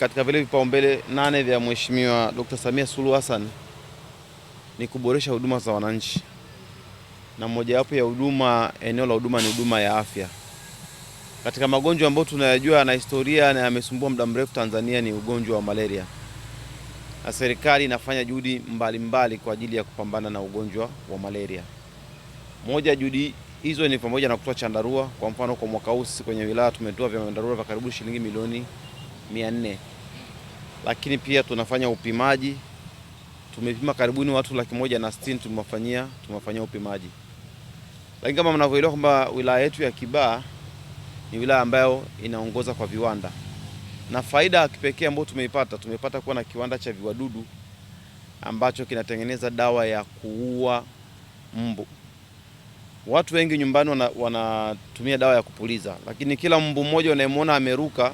katika vile vipaumbele nane vya Mheshimiwa Dr. Samia Suluhu Hassan ni kuboresha huduma za wananchi, na mojawapo ya huduma eneo la huduma ni huduma ya afya. Katika magonjwa ambayo tunayajua na historia na yamesumbua muda mrefu Tanzania ni ugonjwa wa malaria, na serikali inafanya juhudi mbalimbali kwa ajili ya kupambana na ugonjwa wa malaria. Moja juhudi hizo ni pamoja na kutoa chandarua. Kwa mfano, kwa mwaka huu sisi kwenye wilaya tumetoa vya chandarua vya karibu shilingi milioni mia nne lakini pia tunafanya upimaji. Tumepima karibuni watu laki moja na sitini tumewafanyia tumewafanyia upimaji, lakini kama mnavyoelewa kwamba wilaya yetu ya Kibaha ni wilaya ambayo inaongoza kwa viwanda, na faida ya kipekee ambayo tumeipata tumepata kuwa na kiwanda cha viwadudu ambacho kinatengeneza dawa ya kuua mbu. Watu wengi nyumbani wanatumia wana dawa ya kupuliza, lakini kila mbu mmoja unayemwona ameruka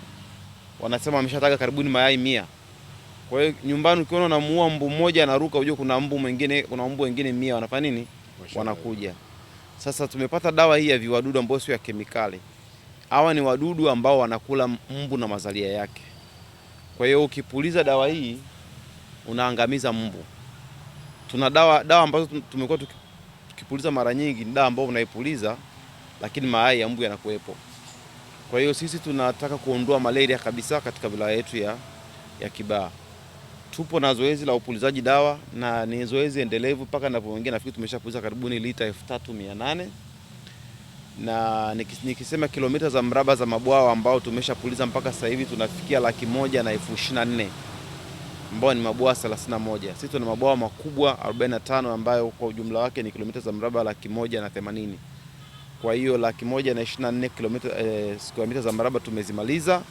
wanasema wameshataga karibuni mayai mia. Kwa hiyo nyumbani ukiona unamuua mbu mmoja anaruka, unajua kuna mbu mwingine, kuna mbu wengine mia wanafanya nini? Wanakuja. Sasa tumepata dawa hii ya viwadudu ambayo sio ya kemikali. Hawa ni wadudu ambao wanakula mbu na mazalia yake. Kwa hiyo ukipuliza dawa hii unaangamiza mbu. Tuna dawa dawa ambazo tumekuwa tukipuliza mara nyingi, ni dawa ambayo unaipuliza lakini mayai ya mbu yanakuwepo. Kwa hiyo sisi tunataka kuondoa malaria kabisa katika wilaya yetu ya, ya Kibaha. Tupo na zoezi la upulizaji dawa na ni zoezi endelevu mpaka ninapoingia, nafikiri tumeshapuliza karibuni lita 3800 na nikisema kilomita za mraba za mabwawa ambao tumeshapuliza mpaka sasa hivi tunafikia laki moja na elfu ishirini na nne ambao ni mabwawa 31. Sisi tuna mabwawa makubwa 45 ambayo kwa ujumla wake ni kilomita za mraba laki moja na themanini. Kwa hiyo laki moja na ishirini na nne kilomita eh, ya mita za mraba tumezimaliza,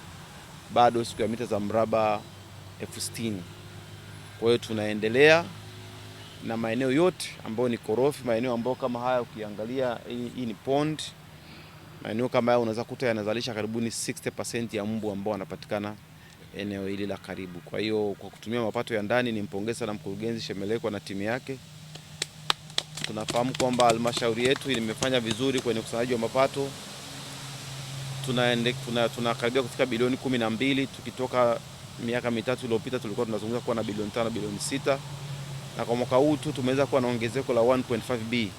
bado ya mita za mraba elfu sitini. Kwa hiyo tunaendelea na maeneo yote ambayo ni korofi, maeneo ambayo kama haya ukiangalia, hii ni pond. Maeneo kama haya unaweza kuta yanazalisha karibuni 60% ya mbu ambao wanapatikana eneo hili la karibu. Kwa hiyo kwa kutumia mapato ya ndani, nimpongeza sana mkurugenzi Shemelekwa na timu yake. Tunafahamu kwamba halmashauri yetu imefanya vizuri kwenye ukusanyaji wa mapato tunakaribia tuna, kufika bilioni kumi na mbili tukitoka miaka mitatu iliyopita tulikuwa tunazunguka kuwa na bilioni tano bilioni sita na kwa mwaka huu tu tumeweza kuwa na ongezeko la 1.5 b.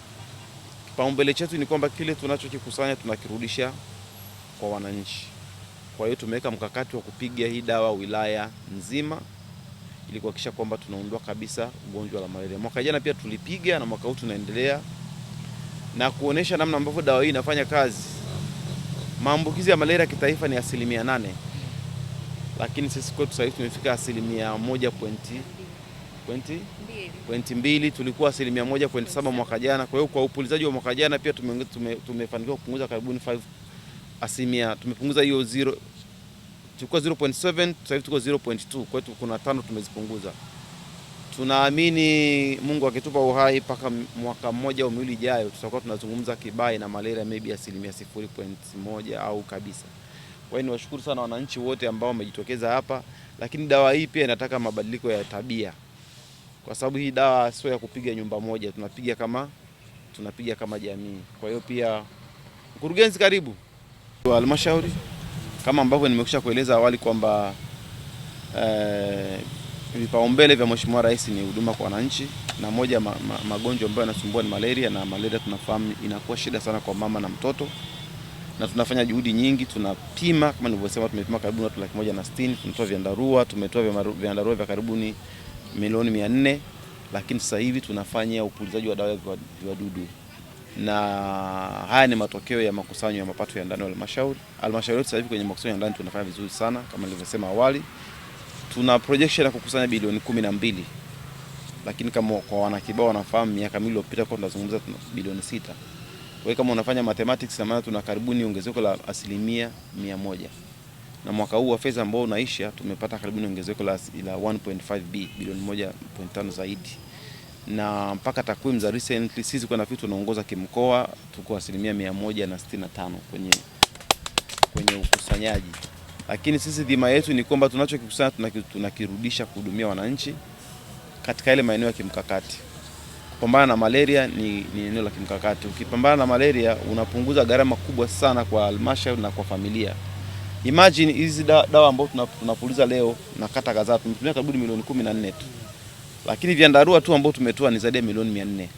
Kipaumbele chetu ni kwamba kile tunachokikusanya tunakirudisha kwa wananchi. Kwa hiyo tumeweka mkakati wa kupiga hii dawa wilaya nzima ili kuhakikisha kwamba tunaondoa kabisa ugonjwa la malaria. Mwaka jana pia tulipiga na mwaka huu tunaendelea na kuonesha namna ambavyo dawa hii inafanya kazi. Maambukizi ya malaria kitaifa ni asilimia nane, lakini sisi kwetu sasa hivi tumefika asilimia moja pointi pointi mbili. Tulikuwa asilimia moja pointi saba mwaka jana. Kwa hiyo kwa upulizaji wa mwaka jana pia tumefanikiwa tume, tume kupunguza karibuni asilimia tumepunguza hiyo zero tulikuwa 0.7 sasa hivi tuko 0.2. Kwa hiyo kuna tano tumezipunguza. Tunaamini Mungu akitupa uhai mpaka mwaka mmoja au miwili ijayo, tutakuwa tunazungumza kibai na malaria maybe asilimia 0.1 au kabisa. Kwa hiyo niwashukuru sana wananchi wote ambao wamejitokeza hapa, lakini dawa hii pia inataka mabadiliko ya tabia, kwa sababu hii dawa sio ya kupiga nyumba moja, tunapiga kama tunapiga kama jamii. Kwa hiyo pia, mkurugenzi, karibu wa halmashauri kama ambavyo nimekwisha kueleza awali kwamba eh, vipaumbele vya Mheshimiwa Rais ni huduma kwa wananchi, na moja ma, ma, magonjwa ambayo yanasumbua ni malaria, na malaria tunafahamu inakuwa shida sana kwa mama na mtoto, na tunafanya juhudi nyingi. Tunapima kama nilivyosema, tumepima karibu watu laki moja na sitini, tumetoa vyandarua, tumetoa vyandarua vya karibuni milioni mia nne, lakini sasa hivi tunafanya upulizaji wa dawa ya viwadudu na haya ni matokeo ya makusanyo ya mapato ya ndani ya halmashauri. Halmashauri yetu sasa hivi kwenye makusanyo ya ndani tunafanya vizuri sana, kama nilivyosema awali, tuna projection ya kukusanya bilioni kumi na mbili, lakini kama kwa wanakibao wanafahamu, miaka miwili iliyopita kwa tunazungumza tuna bilioni sita. Kwa hiyo kama unafanya mathematics, na maana tuna karibuni ongezeko la asilimia mia moja na mwaka huu wa fedha ambao unaisha tumepata karibuni ongezeko la 1.5 b bilioni 1.5 zaidi na mpaka takwimu za recently sisi kwa nafikiri tunaongoza kimkoa, tuko asilimia 165 kwenye, kwenye ukusanyaji, lakini sisi dhima yetu ni kwamba tunachokikusanya tunakirudisha kuhudumia wananchi katika ile maeneo ya kimkakati. Kupambana na malaria ni, ni eneo la kimkakati. Ukipambana na malaria unapunguza gharama kubwa sana kwa halmashauri na kwa familia. Imagine hizi dawa ambazo tunapuliza leo na kata kadhaa tumetumia karibu milioni 14 tu lakini vyandarua tu ambao tumetoa ni zaidi ya milioni mia nne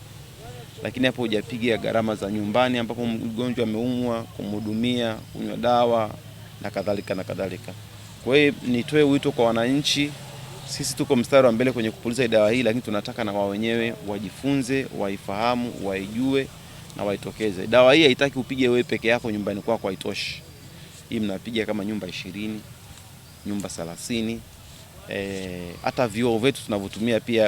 lakini hapo hujapiga gharama za nyumbani ambapo mgonjwa ameumwa, kumhudumia, kunywa dawa na kadhalika na kadhalika. Kwa hiyo nitoe wito kwa wananchi, sisi tuko mstari wa mbele kwenye kupuliza dawa hii, lakini tunataka na wao wenyewe wajifunze, waifahamu, waijue na waitokeze. Dawa hii haitaki upige wewe peke yako nyumbani kwako, haitoshi. Hii mnapiga kama nyumba ishirini, nyumba thelathini Eh, hata e, vyoo vyetu tunavyotumia pia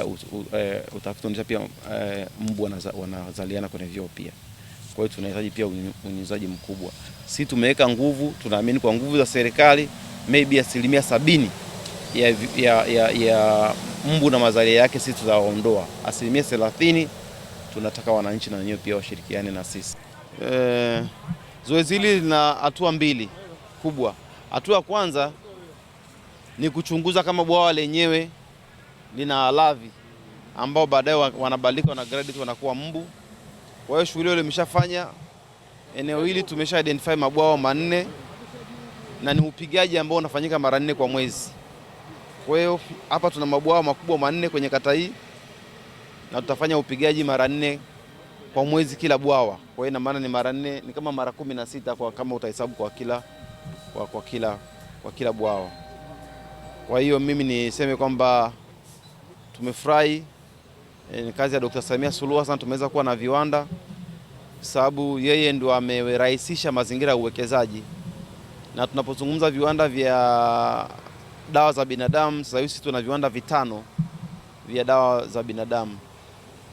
eh, utafiti unaonyesha pia e, mbu wanazaliana kwenye vyoo pia. Kwa hiyo tunahitaji pia unyunyizaji mkubwa. si tumeweka nguvu, tunaamini kwa nguvu za serikali maybe asilimia sabini ya, ya, ya, ya mbu na mazalia yake sisi tutawaondoa. Asilimia thelathini tunataka wananchi na wenyewe pia washirikiane na sisi. E, zoezi hili lina hatua mbili kubwa. Hatua ya kwanza ni kuchunguza kama bwawa lenyewe lina alavi ambao baadaye wanabadilika wana graduate wanakuwa mbu. Kwa hiyo shughuli ile imeshafanya eneo hili, tumesha identify mabwawa manne na ni upigaji ambao unafanyika mara nne kwa mwezi. Kwa hiyo hapa tuna mabwawa makubwa manne kwenye kata hii na tutafanya upigaji mara nne kwa mwezi kila bwawa. Kwa hiyo ina maana ni mara nne, ni kama mara kumi na sita kwa kama utahesabu kwa kila, kwa, kwa kila, kwa kila bwawa. Kwa hiyo mimi niseme kwamba tumefurahi e, kazi ya Dr. Samia Suluhu Hassan tumeweza kuwa na viwanda sababu yeye ndo amerahisisha mazingira ya uwekezaji, na tunapozungumza viwanda vya dawa za binadamu, sasa hivi sisi tuna viwanda vitano vya dawa za binadamu.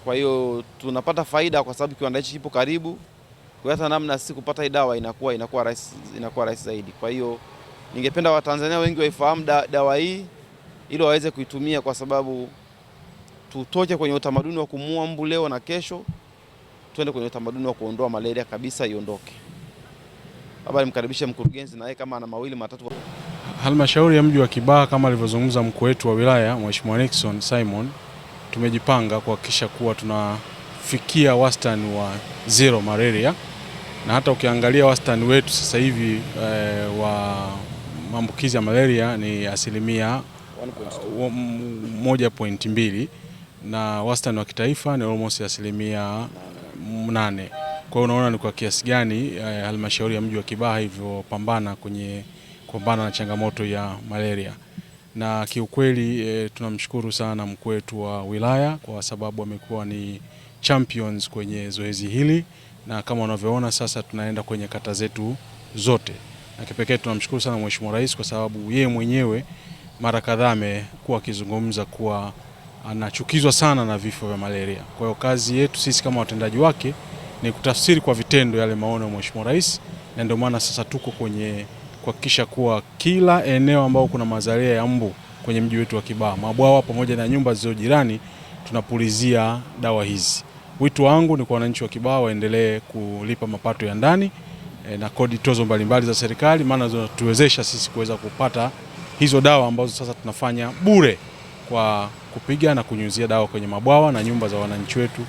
Kwa hiyo tunapata faida kwa sababu kiwanda hichi kipo karibu, kwa hata namna sisi kupata hii dawa inakuwa inakuwa rahisi, inakuwa rahisi zaidi. Kwa hiyo Ningependa Watanzania wengi waifahamu da, dawa hii ili waweze kuitumia kwa sababu tutoke kwenye utamaduni wa kumua mbu leo na kesho tuende kwenye utamaduni wa kuondoa malaria kabisa, iondoke. Baba, nimkaribishe mkurugenzi na kama ana mawili matatu. Halmashauri ya mji wa Kibaha kama alivyozungumza mkuu wetu wa wilaya Mheshimiwa Nixon Simon, tumejipanga kuhakikisha kuwa tunafikia wastani wa zero malaria, na hata ukiangalia wastani wetu sasa hivi eh, wa maambukizi ya malaria ni asilimia 1.2 uh, um, na wastani wa kitaifa ni almost asilimia 8. Kwa hiyo unaona ni kwa kiasi gani eh, halmashauri ya mji wa Kibaha ilivyopambana kwenye kupambana na changamoto ya malaria na kiukweli e, tunamshukuru sana mkuu wetu wa wilaya kwa sababu amekuwa ni champions kwenye zoezi hili, na kama unavyoona sasa tunaenda kwenye kata zetu zote na kipekee tunamshukuru sana Mheshimiwa Rais kwa sababu yeye mwenyewe mara kadhaa amekuwa akizungumza kuwa anachukizwa sana na vifo vya malaria. Kwa hiyo kazi yetu sisi kama watendaji wake ni kutafsiri kwa vitendo yale maono ya Mheshimiwa Rais, na ndio maana sasa tuko kwenye kuhakikisha kuwa kila eneo ambao kuna mazalia ya mbu kwenye mji wetu wa Kibaha, mabwawa pamoja na nyumba zilizo jirani, tunapulizia dawa hizi. Wito wangu ni kwa wananchi wa Kibaha waendelee kulipa mapato ya ndani e, na kodi tozo mbalimbali za serikali, maana zinatuwezesha sisi kuweza kupata hizo dawa ambazo sasa tunafanya bure kwa kupiga na kunyunyizia dawa kwenye mabwawa na nyumba za wananchi wetu.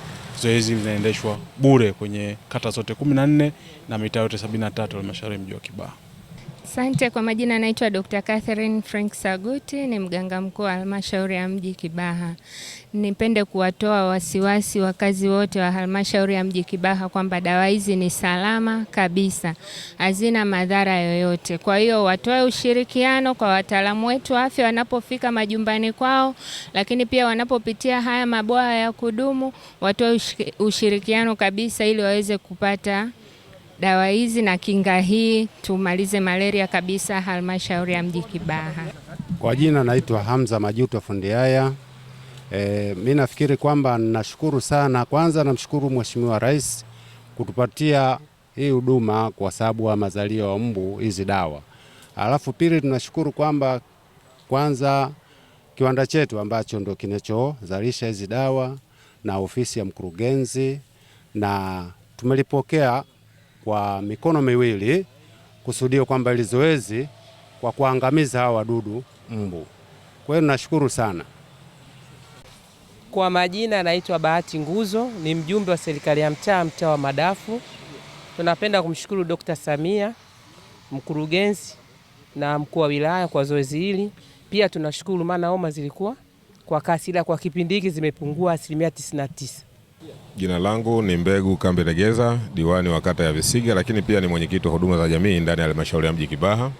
Zoezi linaendeshwa bure kwenye kata zote 14 na mitaa yote 73 halmashauri mji wa Kibaha. Asante kwa majina, naitwa Dr. Catherine Frank Saguti, ni mganga mkuu wa halmashauri ya mji Kibaha. Nipende kuwatoa wasiwasi wakazi wote wa halmashauri ya mji Kibaha kwamba dawa hizi ni salama kabisa, hazina madhara yoyote. Kwa hiyo watoe ushirikiano kwa wataalamu wetu afya wanapofika majumbani kwao, lakini pia wanapopitia haya mabwawa ya kudumu, watoe ushirikiano kabisa ili waweze kupata dawa hizi na kinga hii tumalize malaria kabisa halmashauri ya mji Kibaha. Kwa jina naitwa Hamza Majuto fundi haya. E, mi nafikiri kwamba nashukuru sana, kwanza namshukuru Mheshimiwa Rais kutupatia hii huduma kwa sababu ya mazalio wa mbu hizi dawa, alafu pili tunashukuru kwamba kwanza kiwanda chetu ambacho ndo kinachozalisha hizi dawa na ofisi ya mkurugenzi na tumelipokea kwa mikono miwili, kusudio kwamba ili zoezi kwa kuangamiza hawa wadudu mbu. Kwa hiyo nashukuru sana. Kwa majina anaitwa Bahati Nguzo, ni mjumbe wa serikali ya mtaa, mtaa wa Madafu. Tunapenda kumshukuru Dkt. Samia, mkurugenzi na mkuu wa wilaya kwa zoezi hili. Pia tunashukuru maana homa zilikuwa kwa kasi, ila kwa kipindi hiki zimepungua asilimia 99. Jina langu ni Mbegu Kambi Legeza, diwani wa kata ya Visiga, lakini pia ni mwenyekiti wa huduma za jamii ndani ya halmashauri ya mji Kibaha.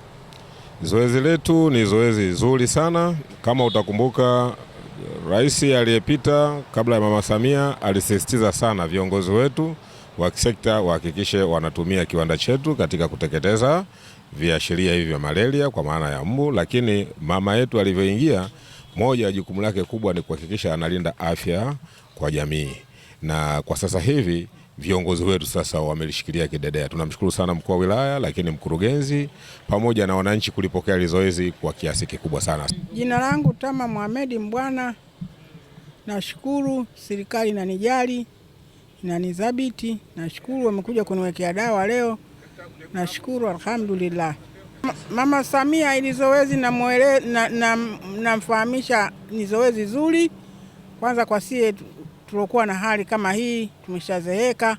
Zoezi letu ni zoezi zuri sana. Kama utakumbuka, rais aliyepita kabla ya mama Samia alisisitiza sana viongozi wetu wa sekta wahakikishe wanatumia kiwanda chetu katika kuteketeza viashiria hivi vya malaria kwa maana ya mbu, lakini mama yetu alivyoingia, moja ya jukumu lake kubwa ni kuhakikisha analinda afya kwa jamii na kwa sasa hivi viongozi wetu sasa wamelishikilia kidedea. Tunamshukuru sana mkuu wa wilaya, lakini mkurugenzi pamoja na wananchi kulipokea lizoezi kwa kiasi kikubwa sana. Jina langu Tama Mohamed Mbwana. Nashukuru serikali inanijali, inanidhabiti. Nashukuru wamekuja kuniwekea dawa leo. Nashukuru, alhamdulillah. Mama Samia ili zoezi namfahamisha na, na, na ni zoezi zuri kwanza kwa sie tuliokuwa na hali kama hii, tumeshazeeka,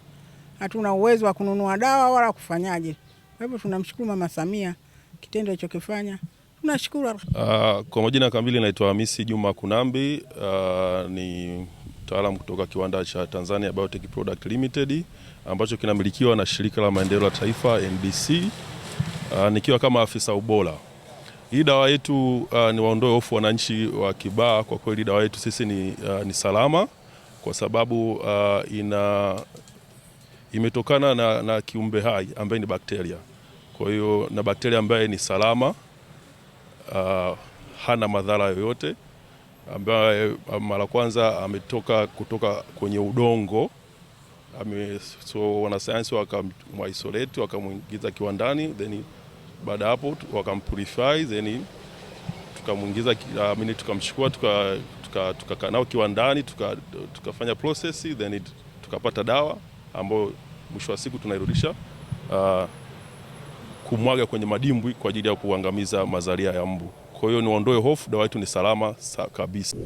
hatuna uwezo wa kununua dawa wala kufanyaje. Kwa hivyo tunamshukuru Mama Samia kitendo alichokifanya. Tunashukuru. Uh, kwa majina kamili naitwa Hamisi Juma Kunambi. Uh, ni mtaalamu kutoka kiwanda cha Tanzania Biotech Product Limited ambacho kinamilikiwa na shirika la maendeleo la taifa NBC. Uh, ah, nikiwa kama afisa ubora. Hii dawa yetu uh, ni waondoe hofu wananchi wa Kibaha. Kwa kweli dawa yetu sisi ni, uh, ni salama kwa sababu uh, ina imetokana na, na kiumbe hai ambaye ni bakteria. Kwa hiyo na bakteria ambaye ni salama uh, hana madhara yoyote, ambaye uh, mara kwanza ametoka kutoka kwenye udongo ame, so wanasayansi wakamwisolate wakamwingiza kiwandani, then baada hapo wakampurify, then tukamwingiza uh, tukamchukua tuka tukakaa tuka, nao kiwandani tukafanya tuka process then it, tukapata dawa ambayo mwisho wa siku tunairudisha uh, kumwaga kwenye madimbwi kwa ajili ya kuangamiza mazalia ya mbu. Kwa hiyo niondoe hofu, dawa yetu ni salama kabisa.